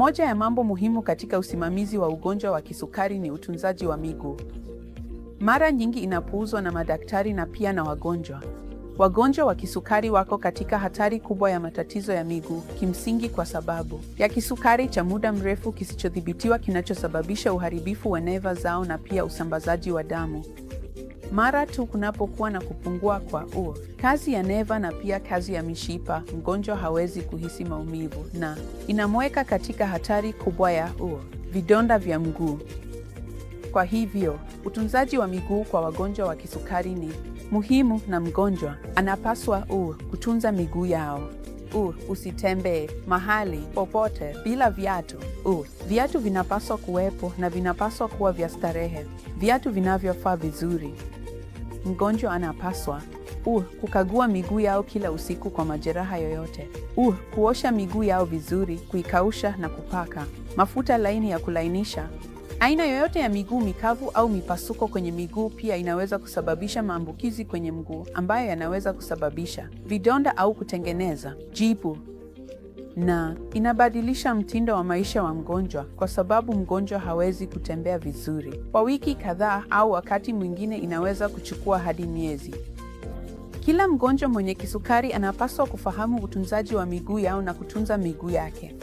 Moja ya mambo muhimu katika usimamizi wa ugonjwa wa kisukari ni utunzaji wa miguu. Mara nyingi inapuuzwa na madaktari na pia na wagonjwa. Wagonjwa wa kisukari wako katika hatari kubwa ya matatizo ya miguu, kimsingi kwa sababu ya kisukari cha muda mrefu kisichodhibitiwa kinachosababisha uharibifu wa neva zao na pia usambazaji wa damu. Mara tu kunapokuwa na kupungua kwa u kazi ya neva na pia kazi ya mishipa, mgonjwa hawezi kuhisi maumivu na inamweka katika hatari kubwa ya u vidonda vya mguu. Kwa hivyo, utunzaji wa miguu kwa wagonjwa wa kisukari ni muhimu na mgonjwa anapaswa u kutunza miguu yao. u usitembee mahali popote bila viatu. U, viatu vinapaswa kuwepo na vinapaswa kuwa vya starehe, viatu vinavyofaa vizuri mgonjwa anapaswa uh, kukagua miguu yao kila usiku kwa majeraha yoyote, uh, kuosha miguu yao vizuri, kuikausha na kupaka mafuta laini ya kulainisha. Aina yoyote ya miguu mikavu au mipasuko kwenye miguu pia inaweza kusababisha maambukizi kwenye mguu ambayo yanaweza kusababisha vidonda au kutengeneza jipu na inabadilisha mtindo wa maisha wa mgonjwa kwa sababu mgonjwa hawezi kutembea vizuri kwa wiki kadhaa, au wakati mwingine inaweza kuchukua hadi miezi. Kila mgonjwa mwenye kisukari anapaswa kufahamu utunzaji wa miguu yao na kutunza miguu yake.